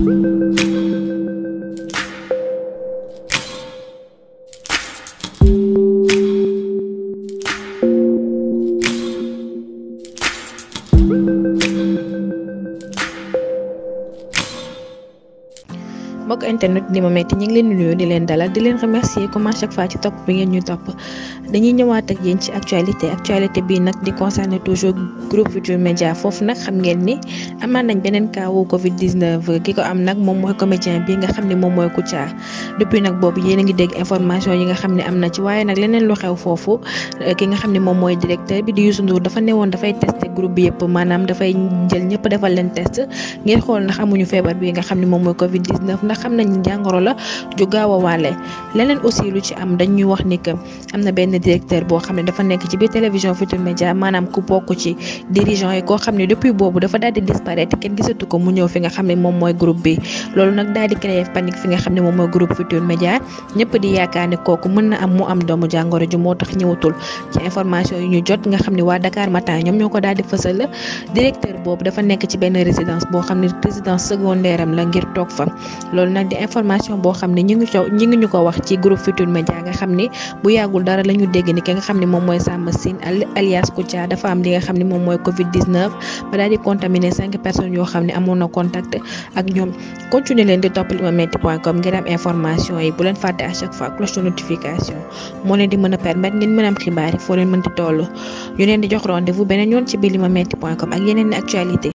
Thank you. mbokk internet ni ma metti ñu ngi leen di nuyu di leen dalal di leen remercier comme à chaque fois ci topp bi ngeen ñu topp dañuy ñëwaat ak yéen ci actualité actualité bii nag di concerner toujours groupe Futurs Médias foofu nag xam ngeen ni amaan nañ beneen cas wu Covid 19 ki ko am nag moom mooy comédien bi nga xam ne moom mooy Kouthia depuis nag boobu yéen a ngi dégg information yi nga xam ne am na ci waaye nag leneen lu xew foofu eh, ki nga xam ne moom mooy directeur bi di Youssou Ndour dafa newoon dafay testé yëpp maanaam dafay jël ñëpp defal leen test ngir xool ndax amuñu feebar bi nga xam ne moom mooy Covid 19 xam nañ jàngoro la ju gaaw a wàlle leneen aussi lu ci am dañuy wax ni que am na benn directeur boo xam ne dafa nekk ci biir télévision Futurs média maanaam ku bokk ci dirigeant yi koo xam ne depuis boobu dafa daal di disparaître kenn gisatu ko mu ñëw fi nga xam ne moom mooy groupe bi loolu nag daal di créer panique fi nga xam ne moom mooy groupe Futurs Médias ñëpp di yaakaar ne kooku mën na am mu am doomu jàngoro ju moo tax ñëwatul ci information yi ñu jot nga xam ne waa Dakar Matin ñoom ñoo ko daal di fësal directeur boobu dafa nekk ci benn résidence boo xam ne résidence secondaire am la ngir toog fa nag di information boo xam ne ñi ngi co ñi ngi ñu ko wax ci groupe Futurs Médias nga xam ne bu yàggul dara la ñu dégg ni ki nga xam ne moom mooy Samba Sine alias Kouthia dafa am li nga xam ne moom mooy Covid 19 ba daal di contaminé cinq personnes yoo xam ne amoon na contact ak ñoom continuer leen di topp limametti.com ngir am information yi bu leen fàtte à chaque fois cloche notification moo leen di mën a permettre ngeen mën a am xibaar yi foo leen mën di toll ñu leen jox rendez-vous yoon ci biir limametti.com ak yeneen actualité